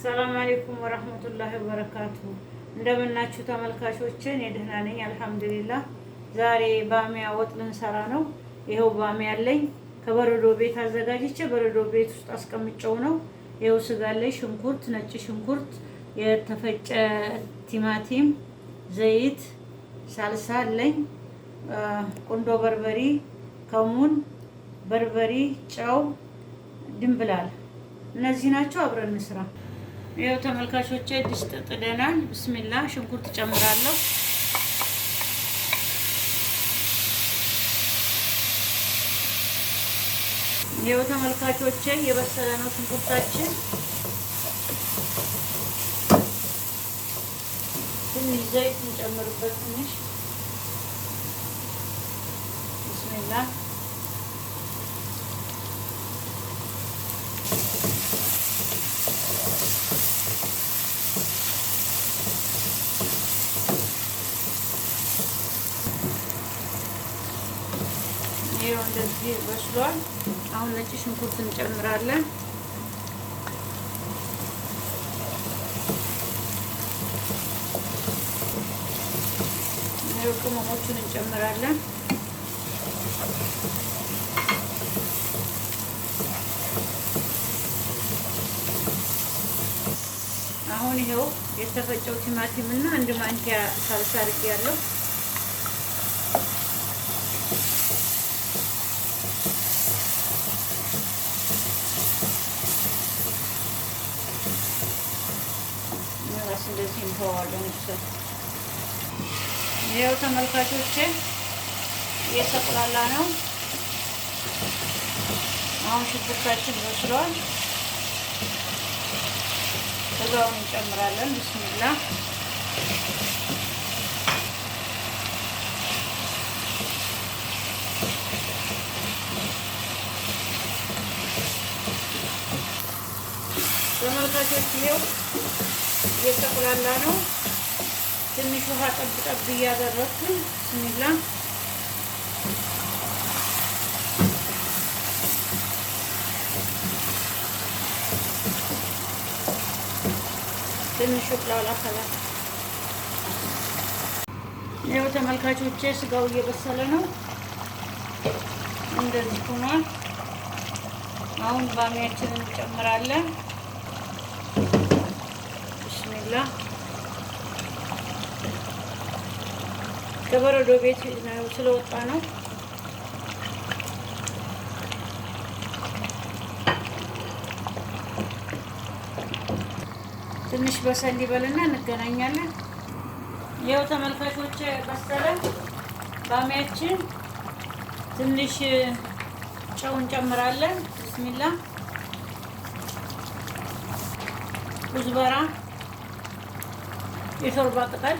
አሰላሙ አሌይኩም ወረህመቱላሂ ወበረካቱ። እንደምናችሁ ተመልካቾች፣ እኔ ደህና ነኝ አልሐምዱሊላህ። ዛሬ ባሚያ ወጥ ልንሰራ ነው። ይኸው ባሚያ አለኝ ከበረዶ ቤት አዘጋጅቼ በረዶ ቤት ውስጥ አስቀምጨው ነው። ይኸው ስጋ አለኝ ሽንኩርት፣ ነጭ ሽንኩርት፣ የተፈጨ ቲማቲም፣ ዘይት፣ ሳልሳ አለኝ፣ ቁንዶ በርበሪ፣ ከሙን፣ በርበሪ፣ ጨው፣ ድንብላል እነዚህ ናቸው። አብረን እንስራ። ይኸው ተመልካቾቼ ድስት ጥደናል። ብስሚላ ሽንኩርት ጨምራለሁ። ይኸው ተመልካቾቼ የበሰለ ነው ሽንኩርታችን። ትንሽ ዘይት እንጨምርበት። ትንሽ ብስሚላ ይኸው እንደዚህ በስሏል። አሁን ነጭ ሽንኩርት እንጨምራለን። ቅመሞቹን እንጨምራለን። አሁን ይኸው የተፈጨው ቲማቲም እና አንድ ማንኪያ ሳልሳ አድርጌያለሁ። አዋዋለሁ። ይኸው ተመልካቾቼ እየተቁላላ ነው። አሁን ሽንኩርታችን በስሏል። ስጋውን እንጨምራለን። ብስሚላ ተመልካቾች ይኸው እየተቁላላ ነው። ትንሽ ውሃ ጠብ ጠብ እያደረኩኝ ስሚላ ትንሽ ውቅላውላ ከላ ያው ተመልካቾቼ ስጋው እየበሰለ ነው። እንደዚህ ሆኗል። አሁን ባሚያችንን እንጨምራለን። ቢስሚላ ከበረዶ ቤት ስለወጣ ነው። ትንሽ በሰል ይበልና እንገናኛለን። ይኸው ተመልካቾች በሰለ። ባሚያችን ትንሽ ጨው እንጨምራለን። ብስሚላ ኩዝበራ የሾርባ ቅጠል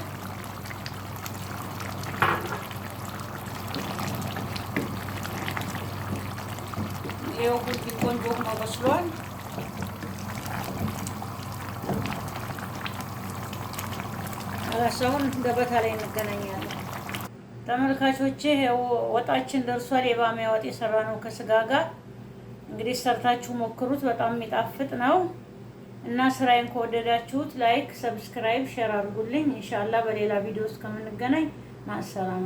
ይኸው ቆንጆ ሆኖ በስሏል። አሁን ገበታ ላይ እንገናኛለን። ተመልካቾች ወጣችን ደርሷል። የባሚያ ወጥ የሰራ ነው ከስጋ ጋር እንግዲህ ሰርታችሁ ሞክሩት። በጣም የሚጣፍጥ ነው። እና ስራዬን ከወደዳችሁት ላይክ፣ ሰብስክራይብ፣ ሼር አድርጉልኝ። ኢንሻአላህ በሌላ ቪዲዮ እስከምንገናኝ ማሰላማ